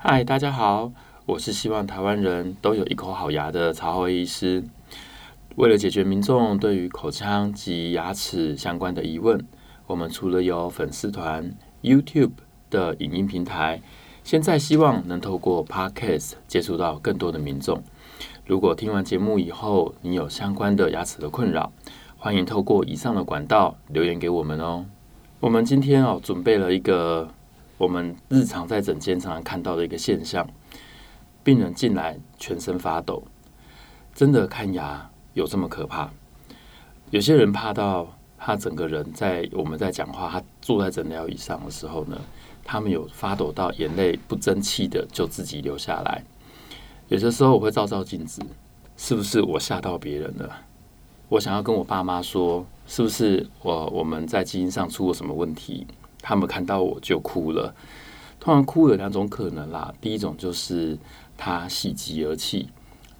嗨，Hi, 大家好！我是希望台灣人都有一口好牙的曹皓醫師。為了解決民眾對於口腔及牙齒相關的疑問，我們除了有粉絲團、YouTube 的影音平台，現在希望能透過 Podcast 接觸到更多的民眾。如果聽完節目以後，你有相關的牙齒的困擾，歡迎透過以上的管道留言給我們哦。我們今天哦，準備了一個。我們日常在診間常常看到的一個現象，病人進來全身發抖，真的看牙有這麼可怕？有些人怕到他整個人在我們在講話，他坐在診療椅上的時候呢，他們有發抖到眼淚不爭氣的就自己流下來。有些時候我會照照鏡子，是不是我嚇到別人了？我想要跟我爸媽說，是不是我我們在基因上出過什麼問題？他們看到我就哭了。通常哭有兩種可能啦，第一種就是他喜極而泣；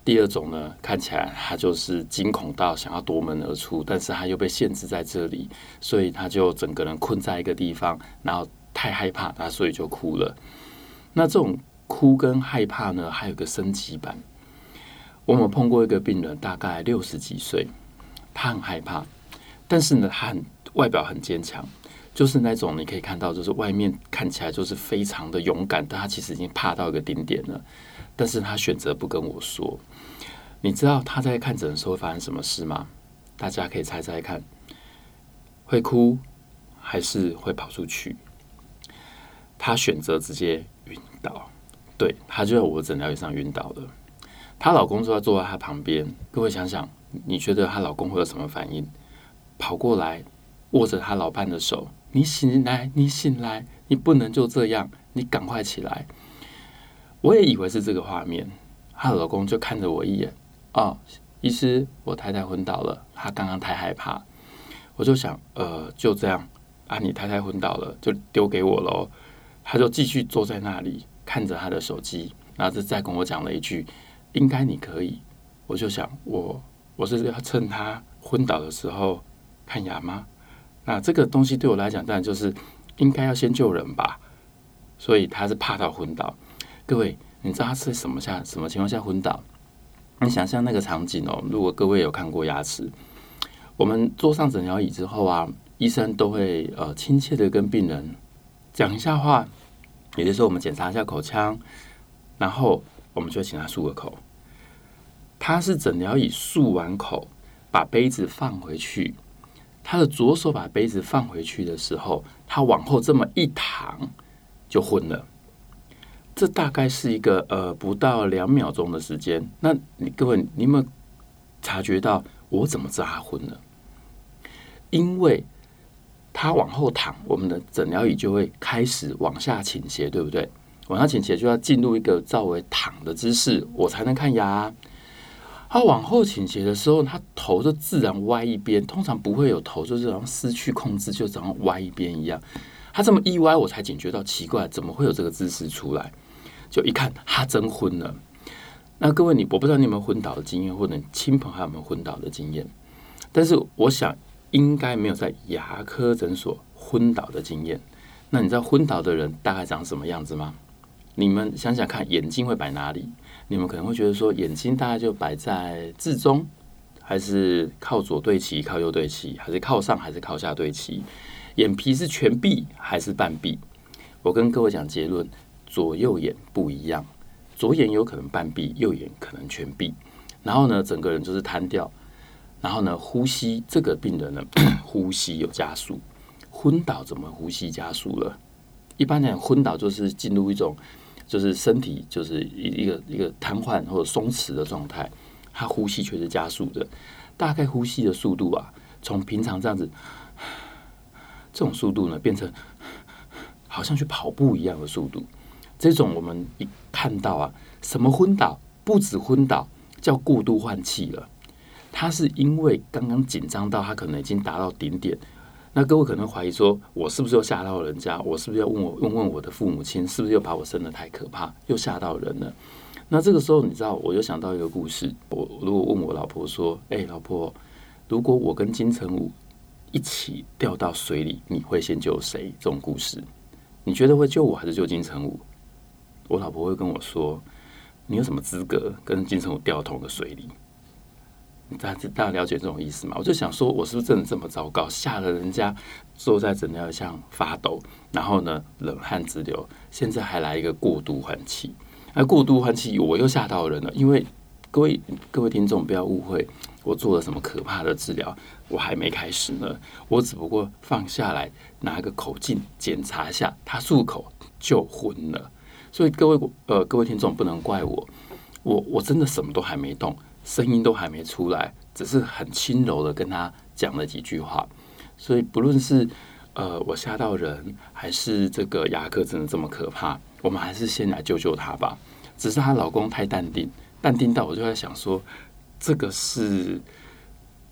第二種呢，看起來他就是驚恐到想要奪門而出，但是他又被限制在這裡，所以他就整個人困在一個地方，然後太害怕，他，所以就哭了。那這種哭跟害怕呢，還有個升級版。我們碰過一個病人，大概六十幾歲，他很害怕，但是呢，他很外表很堅強。就是那種你可以看到，就是外面看起來就是非常的勇敢的，但她其實已經怕到一個頂點了。但是她選擇不跟我說。你知道她在看診的時候會發生什麼事嗎？大家可以猜猜看，會哭還是會跑出去？她選擇直接暈倒，對，她就在我的診療椅上暈倒了。她老公就在坐在她旁邊。各位想想，你覺得她老公會有什麼反應？跑過來握着她老伴的手。你醒來，你醒來，你不能就這樣，你趕快起來！我也以為是這個畫面，她老公就看着我一眼，哦，醫師，我太太昏倒了，她剛剛太害怕。我就想，呃，就這樣啊，你太太昏倒了，就丟給我嘍。他就繼續坐在那裡看着他的手機，然後再跟我講了一句，應該你可以。我就想，我我是要趁他昏倒的時候看牙嗎？那、啊、這個東西對我來講，當然就是應該要先救人吧。所以他是怕到昏倒。各位，你知道他是什麼下、什麼情況下昏倒？你想象那個場景哦。如果各位有看過牙齒，我們坐上診療椅之後啊，醫生都會呃親切的跟病人講一下話，也就是說我們檢查一下口腔，然後我們就請他漱個口。他是診療椅漱完口，把杯子放回去。他的左手把杯子放回去的時候，他往後這麼一躺，就昏了。這大概是一個呃不到兩秒鐘的時間。那你各位，你有沒有察覺到我怎麼知道他昏了？因為他往後躺，我們的診療椅就會開始往下傾斜，對不對？往下傾斜就要進入一個較為躺的姿勢，我才能看牙。他往後傾斜的時候，他頭就自然歪一邊，通常不會有頭，就是好像失去控制，就這樣歪一邊一樣。他這麼一歪，我才警覺到奇怪，怎麼會有這個姿勢出來？就一看，他真昏了。那各位，你我不知道你有沒有昏倒的經驗，或者你親朋好友有沒有昏倒的經驗，但是我想應該沒有在牙科診所昏倒的經驗。那你知道昏倒的人大概長什麼樣子嗎？你們想想看，眼睛會擺哪裡？你們可能會覺得說，眼睛大概就擺在置中，還是靠左對齊，靠右對齊，還是靠上還是靠下對齊？眼皮是全閉還是半閉？我跟各位講結論：左右眼不一樣，左眼有可能半閉，右眼可能全閉。然後呢，整個人就是癱掉。然後呢，呼吸這個病人呢，呼吸有加速，昏倒怎麼呼吸加速了？一般來講昏倒就是進入一種。就是身體就是一個一個癱瘓或者鬆弛的狀態，他呼吸卻是加速的，大概呼吸的速度啊，從平常這樣子這種速度呢，變成好像去跑步一樣的速度。這種我們一看到啊，什麼昏倒，不止昏倒，叫過度換氣了。他是因為剛剛緊張到他可能已經達到頂點。那各位可能懷疑說，我是不是又嚇到人家？我是不是要問我，問問我的父母親，是不是又把我生得太可怕，又嚇到人了？那這個時候，你知道，我就想到一個故事。我如果問我老婆說：“哎，老婆，如果我跟金城武一起掉到水裡，你會先救誰？”這種故事，你覺得會救我還是救金城武？我老婆會跟我說：“你有什麼資格跟金城武掉同個水裡？”大家大家了解這種意思嗎？我就想說，我是不是真的這麼糟糕，嚇得人家坐在診療椅上發抖，然後呢冷汗直流，現在還來一個過度換氣，而過度換氣我又嚇到人了。因為各位各位聽眾不要誤會，我做了什麼可怕的治療，我還沒開始呢，我只不過放下來拿個口鏡檢查一下，他漱口就昏了。所以各位呃各位聽眾不能怪我，我我真的什麼都還沒動。聲音都還沒出來，只是很輕柔的跟他講了幾句話。所以不論是呃我嚇到人，還是這個牙科真的這麼可怕，我們還是先來救救她吧。只是她老公太淡定，淡定到我就在想說，這個是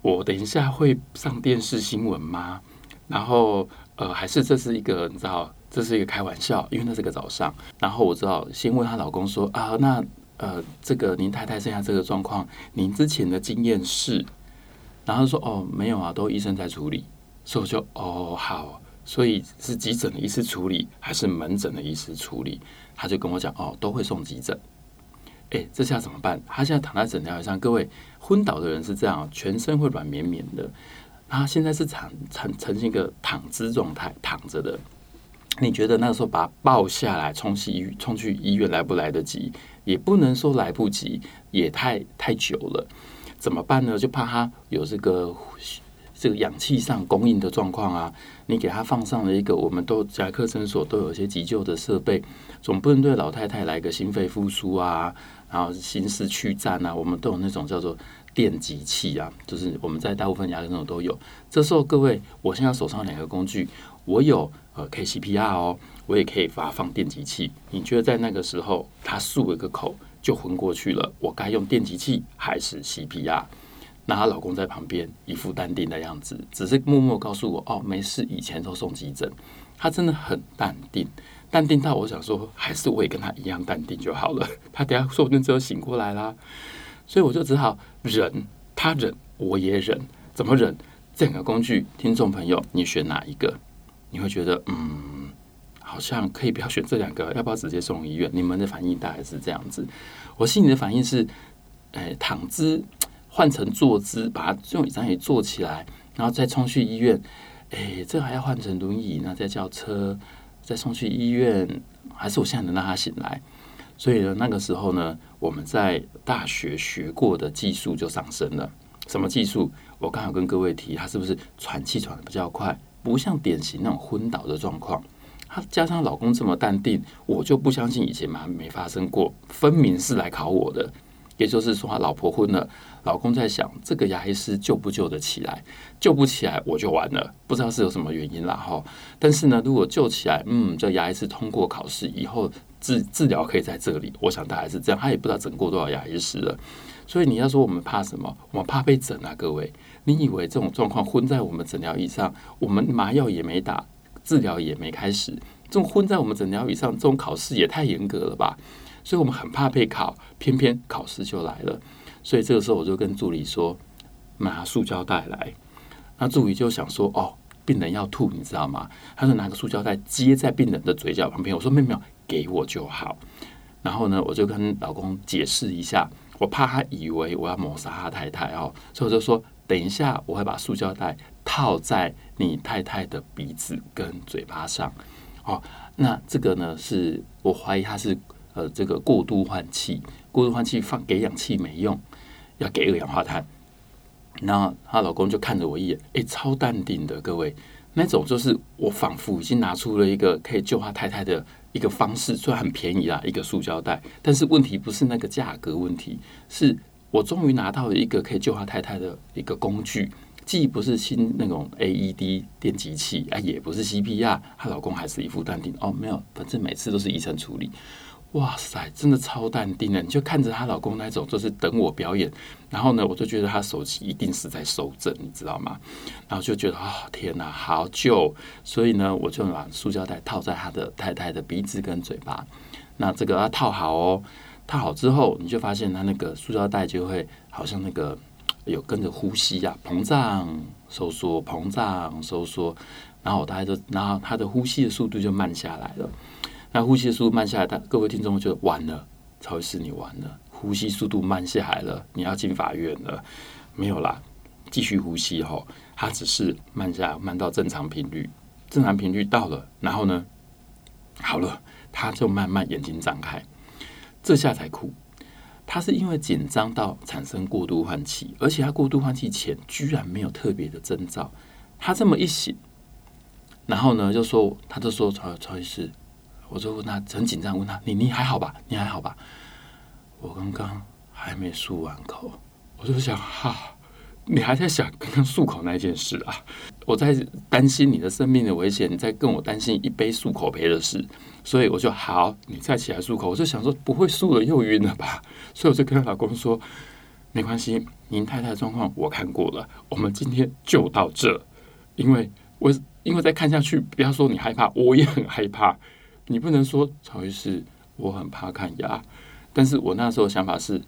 我等一下會上電視新聞嗎？然後呃還是這是一個你知道，這是一個開玩笑，因為那是個早上。然後我知道先問她老公說啊，那。呃，這個您太太現在這個狀況，您之前的經驗是，然後說哦沒有啊，都醫生在處理，所以我就哦好，所以是急診的醫師處理還是門診的醫師處理？他就跟我講哦，都會送急診。哎，這下怎麼辦？他現在躺在診療台上，各位昏倒的人是這樣，全身會軟綿綿的，他現在是呈呈呈現一個躺姿狀態，躺着的。你覺得那個時候把他抱下來，衝去醫，衝去醫院來不來得及？也不能說來不及，也太太久了，怎麼辦呢？就怕他有這個這個氧氣上供應的狀況啊。你給他放上了一個，我們都牙科診所都有一些急救的設備，總不能對老太太來個心肺復甦啊，然後心室去顫啊。我們都有那種叫做電擊器啊，就是我們在大部分牙科診所都有。這時候，各位，我現在手上兩個工具，我有。呃，K C P R 哦，我也可以發放電擊器。你覺得在那個時候，他漱了個口就昏過去了，我該用電擊器還是 C P R？那她老公在旁邊一副淡定的樣子，只是默默告訴我：“哦，沒事，以前都送急診。”他真的很淡定，淡定到我想說，還是我也跟他一樣淡定就好了。他等下說不定就醒過來啦，所以我就只好忍，他忍我也忍，怎麼忍？這兩個工具，聽眾朋友，你選哪一個？你會覺得嗯，好像可以不要選這兩個，要不要直接送醫院？你們的反應大概是這樣子。我心裡的反應是，哎，躺姿換成坐姿，把它用椅上也坐起來，然後再衝去醫院。哎，這還要換成輪椅，那再叫車，再送去醫院，還是我現在能讓他醒來？所以呢，那個時候呢，我們在大學學過的技術就上升了。什麼技術？我剛好跟各位提，他是不是喘氣喘的比較快？不像典型那種昏倒的狀況，她加上老公這麼淡定，我就不相信以前嘛沒發生過，分明是來考我的。也就是說，老婆昏了，老公在想這個牙醫師救不救得起來，救不起來我就完了，不知道是有什麼原因啦哈。但是呢，如果救起來，嗯，這牙醫師通過考試以後治治療可以在這裡，我想大概是這樣。他也不知道整過多少牙醫師了，所以你要說我們怕什麼？我們怕被整啊，各位。你以為這種狀況昏在我們診療椅上，我們麻藥也沒打，治療也沒開始，這種昏在我們診療椅上，這種考試也太嚴格了吧？所以我們很怕被考，偏偏考試就來了。所以這個時候我就跟助理說：“拿塑膠袋來。”那助理就想說：“哦，病人要吐，你知道嗎？”他就拿個塑膠袋接在病人的嘴角旁邊。我說：“妹妹，給我就好。”然後呢，我就跟老公解釋一下，我怕他以為我要謀殺他太太哦，所以我就說。等一下，我會把塑膠袋套在你太太的鼻子跟嘴巴上。哦，那這個呢，是我懷疑他是呃，這個過度換氣，過度換氣放給氧氣沒用，要給二氧化碳。然後她老公就看着我一眼，哎、欸，超淡定的，各位，那種就是我仿佛已經拿出了一個可以救他太太的一個方式，雖然很便宜啦，一個塑膠袋，但是問題不是那個價格問題，是。我終於拿到了一個可以救她太太的一個工具，既不是新那種 AED 電擊器，也不是 CPR，她老公還是一副淡定。哦，沒有，反正每次都是醫生處理。哇塞，真的超淡定的，你就看着她老公那種，就是等我表演。然後呢，我就覺得他手機一定是在收振，你知道嗎？然後就覺得啊、哦，天哪，好救！所以呢，我就拿塑膠袋套在她的太太的鼻子跟嘴巴。那這個要套好哦。套好之後，你就發現他那個塑膠袋就會好像那個有跟着呼吸呀、啊，膨脹、收縮、膨脹、收縮，然後他就，然後他的呼吸的速度就慢下來了。那呼吸的速度慢下來，他各位聽眾就完了，曹醫師，你完了，呼吸速度慢下來了，你要進法院了？沒有啦，繼續呼吸吼，他只是慢下來，慢到正常頻率，正常頻率到了，然後呢，好了，他就慢慢眼睛張開。這下才哭，他是因為緊張到產生過度換氣，而且他過度換氣前居然沒有特別的徵兆，他這麼一醒，然後呢就說，他就說：“曹曹醫師，我就問他很緊張，問他你你還好吧？你還好吧？”我剛剛還沒漱完口，我就想哈，你還在想剛剛漱口那件事啊？我在擔心你的生命的危險，你在跟我擔心一杯漱口杯的事，所以我就好，你再起來漱口。我就想說，不會漱了又暈了吧？所以我就跟他老公說，沒關係，您太太的狀況我看過了，我們今天就到這，因為我因為再看下去，不要說你害怕，我也很害怕。你不能說曹醫師，我很怕看牙，但是我那時候想法是。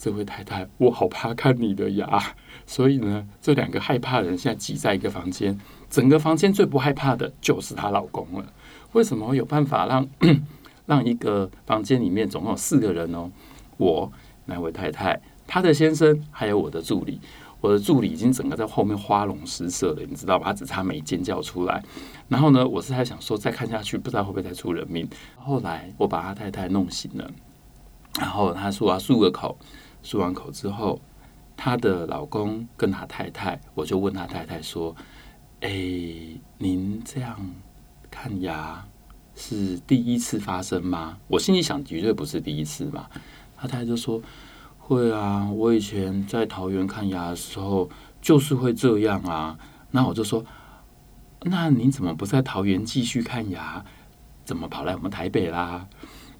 這位太太，我好怕看你的牙，所以呢，這兩個害怕的人現在擠在一個房間，整個房間最不害怕的就是她老公了。為什麼會有辦法讓讓一個房間裡面總共有四個人呢、哦？我那位太太，她的先生，還有我的助理。我的助理已經整個在後面花容失色了，你知道嗎？他只差沒尖叫出來。然後呢，我是在想說，再看下去不知道會不會再出人命。後來我把他太太弄醒了，然後他說，我要漱個口。漱完口之後，她的老公跟她太太，我就問她太太說：“欸，您這樣看牙是第一次發生嗎？”我心裡想，絕對不是第一次嘛。她太太就說：“會啊，我以前在桃園看牙的時候就是會這樣啊。”那我就說：“那你怎麼不在桃園繼續看牙？怎麼跑來我們台北啦？”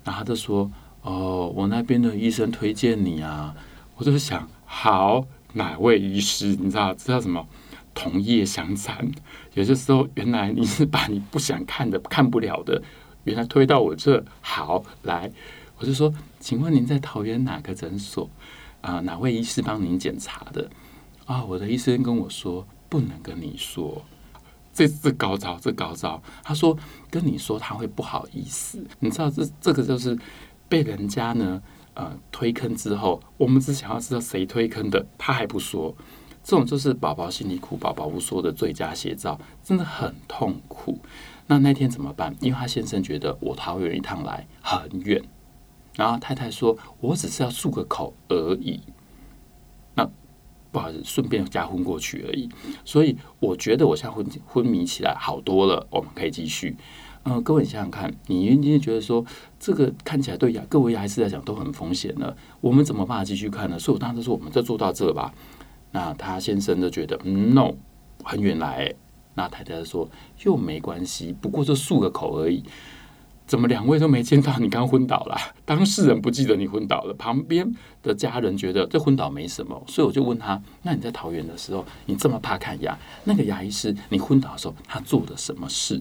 那她就說。哦，我那邊的醫生推薦你啊，我就想，好，哪位醫師？你知道這叫什麼？同業相殘。有些時候，原來你是把你不想看的、看不了的，原來推到我這。好，來，我就說，請問您在桃園哪個診所啊、呃？哪位醫師幫您檢查的？啊、哦，我的醫生跟我說，不能跟你說。這這高招，這高招。他說跟你說他會不好意思，你知道這這個就是。被人家呢，呃，推坑之後，我們只想要知道誰推坑的，他還不說。這種就是寶寶心裡苦，寶寶不說的最佳寫照，真的很痛苦。那那天怎麼辦？因為他先生覺得我逃遠一趟來很遠，然後太太說，我只是要漱個口而已，那不好意思，順便加昏過去而已。所以我覺得我現在昏昏迷起來好多了，我們可以繼續。嗯、各位你想想看，你今天覺得說這個看起來對牙各位牙醫師來講都很風險了，我們怎麼辦繼續看呢？所以我當時說，我們就做到這吧。那他先生就覺得、嗯，No，很遠來。那太太說，又沒關係，不過是漱個口而已。怎麼兩位都沒見到？你剛昏倒了、啊，當事人不記得你昏倒了，旁邊的家人覺得這昏倒沒什麼。所以我就問他，那你在桃園的時候，你這麼怕看牙？那個牙醫師，你昏倒的時候，他做的什麼事？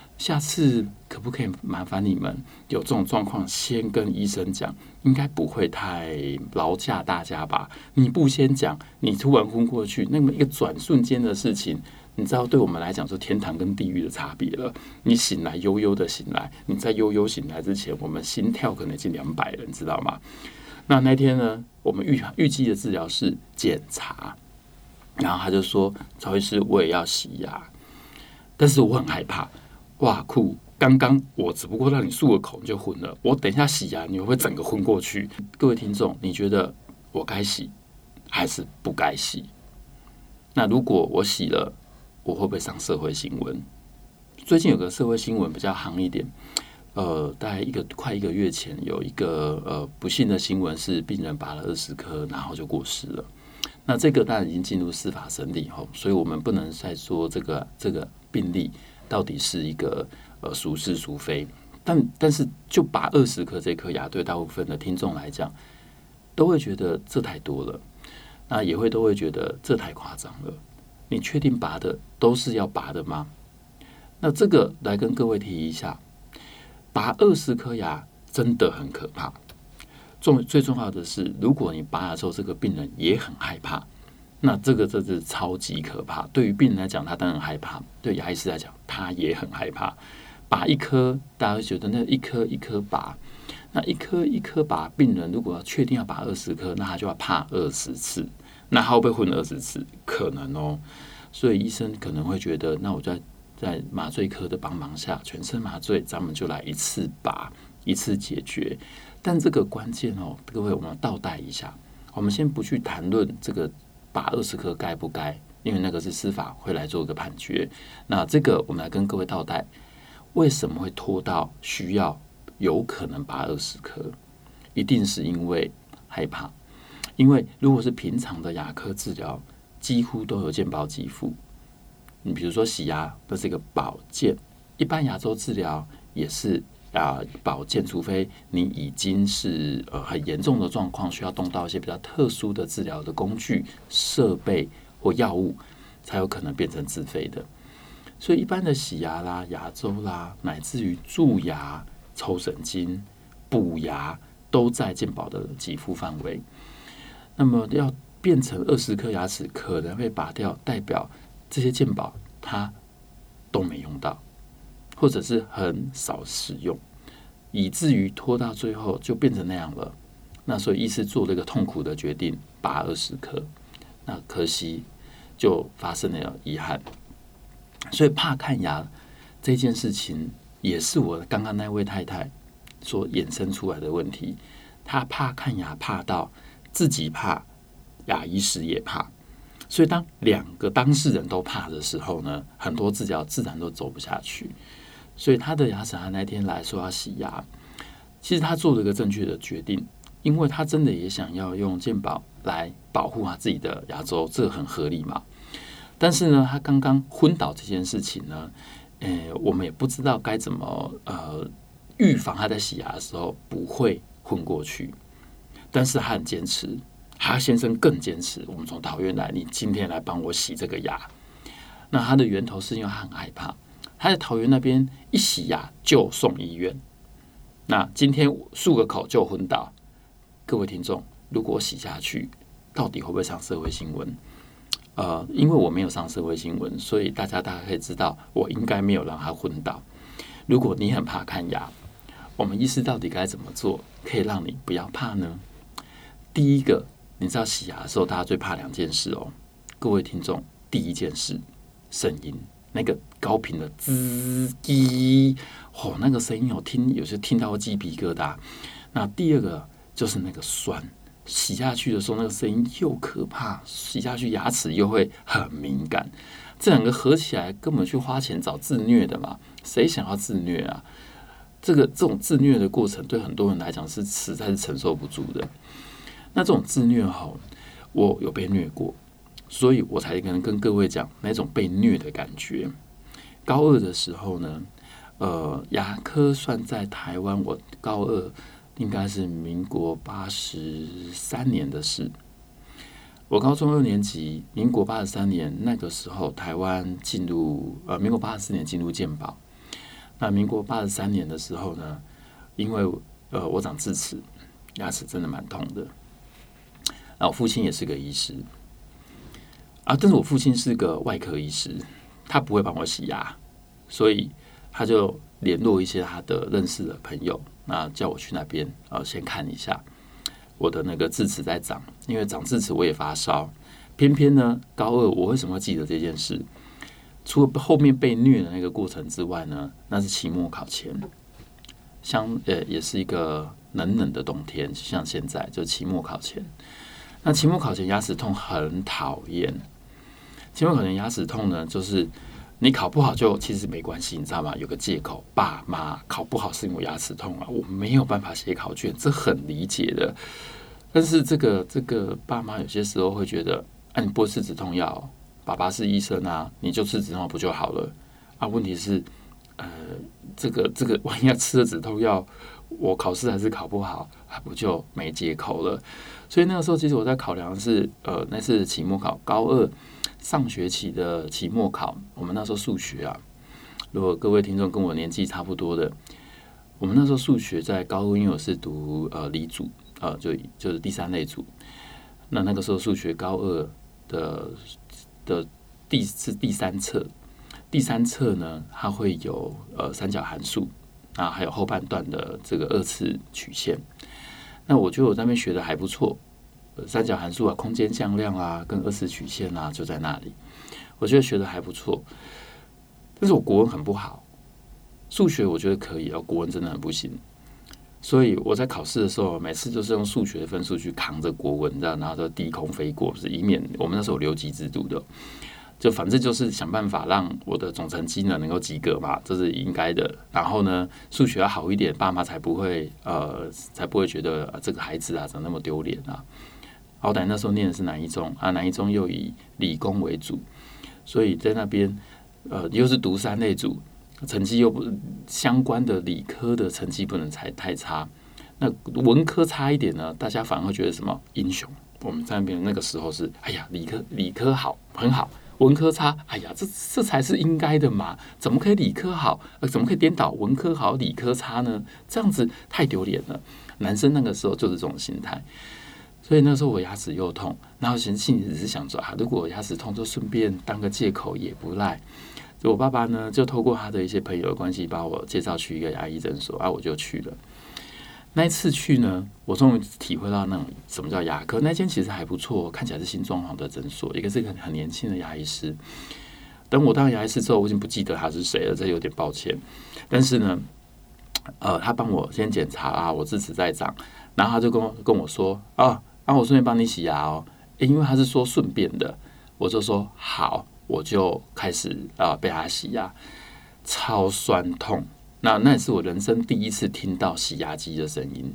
下次可不可以麻煩你們有這種狀況先跟醫生講，應該不會太勞駕大家吧？你不先講，你突然昏過去，那麼一個轉瞬間的事情，你知道，對我們來講是天堂跟地獄的差別了。你醒來悠悠的醒來，你在悠悠醒來之前，我們心跳可能已經兩百了，你知道嗎？那那天呢，我們預預計的治療是檢查，然後他就說：“曹醫師，我也要洗牙、啊，但是我很害怕。”哇酷！剛剛我只不過讓你漱個口就昏了，我等一下洗牙，你會不會整個昏過去？各位聽眾，你覺得我該洗還是不該洗？那如果我洗了，我會不會上社會新聞？最近有個社會新聞比較夯一點，呃，大概一個快一個月前有一個呃不幸的新聞是病人拔了二十顆，然後就過世了。那這個當然已經進入司法審理後，所以我們不能再說這個這個病例。到底是一個呃孰是孰非？但但是，就拔二十顆這顆牙，對大部分的聽眾來講，都會覺得這太多了，那也會都會覺得這太誇張了。你確定拔的都是要拔的嗎？那這個來跟各位提一下，拔二十顆牙真的很可怕。重，最重要的是，如果你拔牙之後，這個病人也很害怕。那這個真是超級可怕。對於病人來講，他當然很害怕；對牙醫師來講，他也很害怕。拔一顆，大家會覺得那一顆一顆拔，那一顆一顆拔。病人如果要確定要拔二十顆，那他就要怕二十次，那他會不會混二十次？可能哦、喔。所以醫生可能會覺得，那我就在在麻醉科的幫忙下，全身麻醉，咱們就來一次拔，一次解決。但這個關鍵哦、喔，各位，我們要倒帶一下，我們先不去談論這個。拔二十顆該不該？因為那個是司法會來做一個判決。那這個我們來跟各位倒帶，為什麼會拖到需要有可能拔二十顆？一定是因為害怕。因為如果是平常的牙科治療，幾乎都有健保給付。你比如說洗牙，不是一個保健；一般牙周治療也是。啊，保健，除非你已經是呃很嚴重的狀況，需要動到一些比較特殊的治療的工具、設備或藥物，才有可能變成自費的。所以，一般的洗牙啦、牙周啦，乃至於蛀牙、抽神經、補牙，都在健保的給付範圍。那麼，要變成二十顆牙齒可能會拔掉，代表這些健保它都沒用到。或者是很少使用，以至於拖到最後就變成那樣了。那所以醫師做了一個痛苦的決定，拔二十顆。那可惜就發生了遺憾。所以怕看牙這件事情，也是我剛剛那位太太所衍生出來的問題。她怕看牙，怕到自己怕，牙醫師也怕。所以當兩個當事人都怕的時候呢，很多治療自然都走不下去。所以他的牙齒，他那天來說要洗牙，其實他做了一個正確的決定，因為他真的也想要用健保來保護他自己的牙周，這很合理嘛。但是呢，他剛剛昏倒這件事情呢，呃，我們也不知道該怎麼呃預防他在洗牙的時候不會昏過去。但是他很堅持，他先生更堅持。我們從桃園來，你今天來幫我洗這個牙。那他的源頭是因為他很害怕。他在桃園那邊一洗牙就送醫院，那今天我漱個口就昏倒。各位聽眾，如果我洗下去，到底會不會上社會新聞？呃，因為我沒有上社會新聞，所以大家大概可以知道，我應該沒有讓他昏倒。如果你很怕看牙，我們醫師到底該怎麼做，可以讓你不要怕呢？第一個，你知道洗牙的時候，大家最怕兩件事哦。各位聽眾，第一件事，聲音。那個高頻的滋滴，哦，那個聲音我聽，有些聽到雞皮疙瘩。那第二個就是那個酸，洗下去的時候那個聲音又可怕，洗下去牙齒又會很敏感。這兩個合起來，根本去花錢找自虐的嘛！誰想要自虐啊？這個這種自虐的過程，對很多人來講是實在是承受不住的。那這種自虐，吼，我有被虐過。所以我才可能跟各位講那種被虐的感覺。高二的時候呢，呃，牙科算在台灣，我高二應該是民國八十三年的事。我高中二年級，民國八十三年那個時候，台灣進入呃，民國八十四年進入健保。那民國八十三年的時候呢，因為呃，我長智齒，牙齒真的蠻痛的。那我父親也是個醫師。啊！但是我父親是個外科醫師，他不會幫我洗牙，所以他就聯絡一些他的認識的朋友，那叫我去那邊啊，先看一下我的那個智齒在長，因為長智齒我也發燒。偏偏呢，高二我為什麼會記得這件事？除了後面被虐的那個過程之外呢，那是期末考前，像呃、欸，也是一個冷冷的冬天，就像現在，就期末考前。那期末考前牙齒痛很討厭。其實可能牙齒痛呢，就是你考不好就其實沒關係，你知道嗎？有個借口，爸媽考不好是因為我牙齒痛啊，我沒有辦法寫考卷，這很理解的。但是這個這個爸媽有些時候會覺得，哎、啊，你不吃止痛藥，爸爸是醫生啊，你就吃止痛藥不就好了？啊，問題是，呃，這個這個，萬一要吃了止痛藥，我考試還是考不好，還不就沒借口了？所以那個時候，其實我在考量的是，呃，那次期末考高二。上學期的期末考，我們那時候數學啊，如果各位聽眾跟我年紀差不多的，我們那時候數學在高二，因為我是讀呃理組呃，就就是第三類組。那那個時候數學高二的的第是第三冊，第三冊呢，它會有呃三角函數啊，還有後半段的這個二次曲線。那我覺得我在那邊學的還不錯。三角函數啊，空間向量啊，跟二次曲線啊，就在那裡。我覺得學得還不錯，但是我國文很不好，數學我覺得可以啊，國文真的很不行。所以我在考試的時候，每次都是用數學分數去扛着國文，這樣然後都低空飛過，是以免我們那時候留級制度的。就反正就是想辦法讓我的總成績呢能，能夠及格嘛，這是應該的。然後呢，數學要好一點，爸媽才不會呃，才不會覺得、呃、這個孩子啊怎麼那麼丟臉啊。好歹那時候念的是南一中啊，南一中又以理工為主，所以在那邊，呃，又是讀三類組，成績又不相關的理科的成績不能才太差，那文科差一點呢，大家反而會覺得什麼英雄，我們在那邊那個時候是，哎呀，理科理科好很好，文科差，哎呀，這這才是應該的嘛。怎麼可以理科好，呃，怎麼可以顛倒文科好理科差呢？這樣子太丟臉了。男生那個時候就是這種心態。所以那時候我牙齒又痛，然後其實心裡只是想說啊，如果我牙齒痛，就順便當個借口也不賴。所以我爸爸呢，就透過他的一些朋友的關係，把我介紹去一個牙醫診所，啊，我就去了。那一次去呢，我終於體會到那種什麼叫牙科。那間其實還不錯，看起來是新裝潢的診所，一個是個很年輕的牙醫師。等我當牙醫師之後，我已經不記得他是誰了，這有點抱歉。但是呢，呃，他幫我先檢查啊，我智齒在長，然後他就跟跟我說啊。後、啊、我順便幫你洗牙哦、喔欸，因為他是說順便的，我就說好，我就開始啊、呃、被他洗牙，超酸痛。那那也是我人生第一次聽到洗牙機的聲音，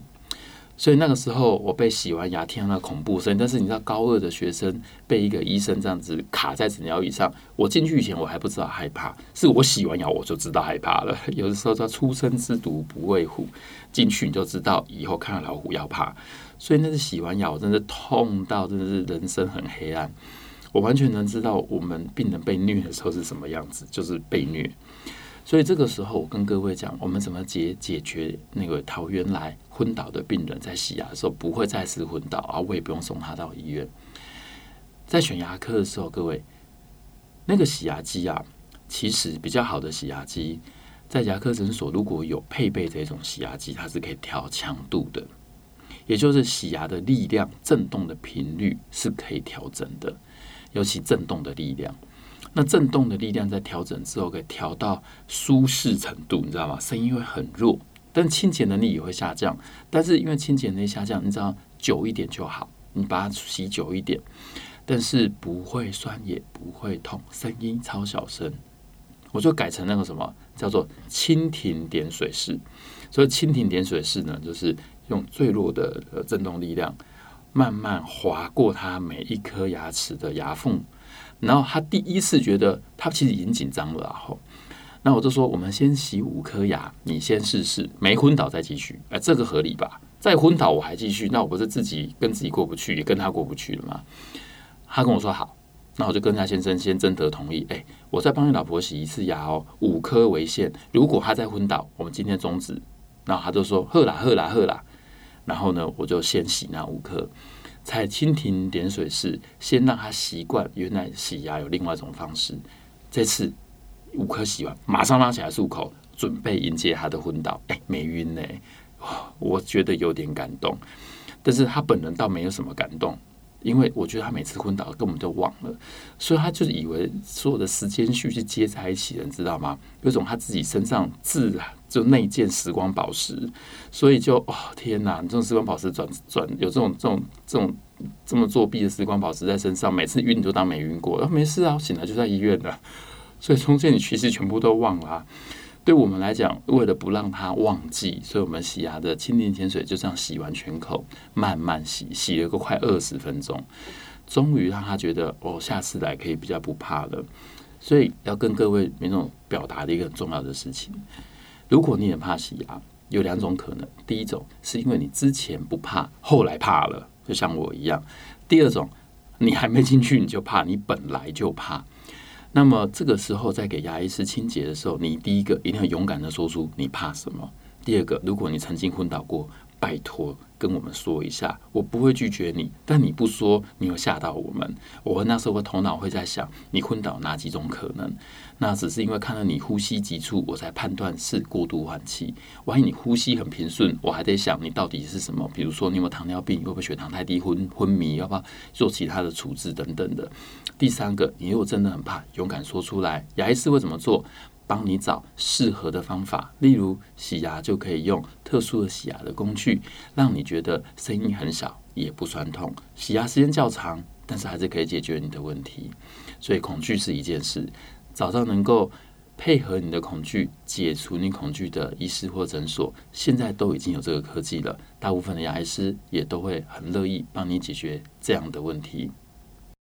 所以那個時候我被洗完牙，聽到那恐怖聲音。但是你知道，高二的學生被一個醫生這樣子卡在診療椅上，我進去以前我還不知道害怕，是我洗完牙我就知道害怕了。有的時候叫“初生之犢不畏虎”，進去你就知道以後看到老虎要怕。所以那是洗完牙，我真的痛到真的是人生很黑暗。我完全能知道我們病人被虐的時候是什麼樣子，就是被虐。所以這個時候，我跟各位講，我們怎麼解解決那個桃原來昏倒的病人在洗牙的時候不會再次昏倒啊？我也不用送他到醫院。在選牙科的時候，各位那個洗牙機啊，其實比較好的洗牙機，在牙科診所如果有配備這種洗牙機，它是可以調強度的。也就是洗牙的力量、震動的頻率是可以調整的，尤其震動的力量。那震動的力量在調整之後，可以調到舒適程度，你知道嗎？聲音會很弱，但清潔能力也會下降。但是因為清潔能力下降，你知道久一點就好，你把它洗久一點，但是不會酸也不會痛，聲音超小聲。我就改成那個什麼叫做蜻蜓點水式。所以蜻蜓點水式呢，就是。用最弱的呃震動力量，慢慢劃過他每一顆牙齒的牙縫，然後他第一次覺得他其實已經緊張了啊，哦。然後，那我就說，我們先洗五顆牙，你先試試，沒昏倒再繼續。哎，這個合理吧？再昏倒我還繼續，那我不是自己跟自己過不去，也跟他過不去了嗎？他跟我說好，那我就跟他先生先徵得同意。哎，我再幫你老婆洗一次牙哦，五顆為限。如果他再昏倒，我們今天終止。然後他就說：喝啦喝啦喝啦。呵啦呵啦然後呢，我就先洗那五顆，才蜻蜓點水式先讓他習慣，原來洗牙有另外一種方式。這次五顆洗完，馬上拉起來漱口，準備迎接他的昏倒。哎，沒暈呢、欸，我覺得有點感動。但是他本人倒沒有什麼感動，因為我覺得他每次昏倒根本都忘了，所以他就是以為所有的時間序是接在一起的，你知道嗎？有種他自己身上自然。就那件時光寶石，所以就哦天哪！你這種時光寶石轉轉有這種這種這種這麼作弊的時光寶石在身上，每次暈就當沒暈過，後、哦、沒事啊，醒來就在醫院的，所以中間你其實全部都忘了、啊。對我們來講，為了不讓他忘記，所以我們洗牙的蜻蜓點水就這樣洗完全口，慢慢洗，洗了個快二十分鐘，終於讓他覺得哦，下次來可以比較不怕了。所以要跟各位民眾表達的一個很重要的事情。如果你很怕洗牙，有兩種可能：第一種是因為你之前不怕，後來怕了，就像我一樣；第二種你還沒進去你就怕，你本來就怕。那麼這個時候在給牙醫師清潔的時候，你第一個一定要勇敢的說出你怕什麼；第二個，如果你曾經昏倒過，拜托。跟我們說一下，我不會拒絕你，但你不說，你又嚇到我們。我那時候的頭腦會在想，你昏倒哪幾種可能？那只是因為看到你呼吸急促，我才判斷是過度換氣。萬一你呼吸很平順，我還得想你到底是什麼？比如說，你有沒有糖尿病？會不會血糖太低昏昏迷？要不要做其他的處置等等的？第三個，你如果真的很怕，勇敢說出來，牙醫師會怎麼做？幫你找適合的方法，例如洗牙就可以用特殊的洗牙的工具，讓你覺得聲音很小，也不酸痛。洗牙時間較長，但是還是可以解決你的問題。所以恐懼是一件事，找到能夠配合你的恐懼、解除你恐懼的醫師或診所，現在都已經有這個科技了。大部分的牙醫師也都會很樂意幫你解決這樣的問題。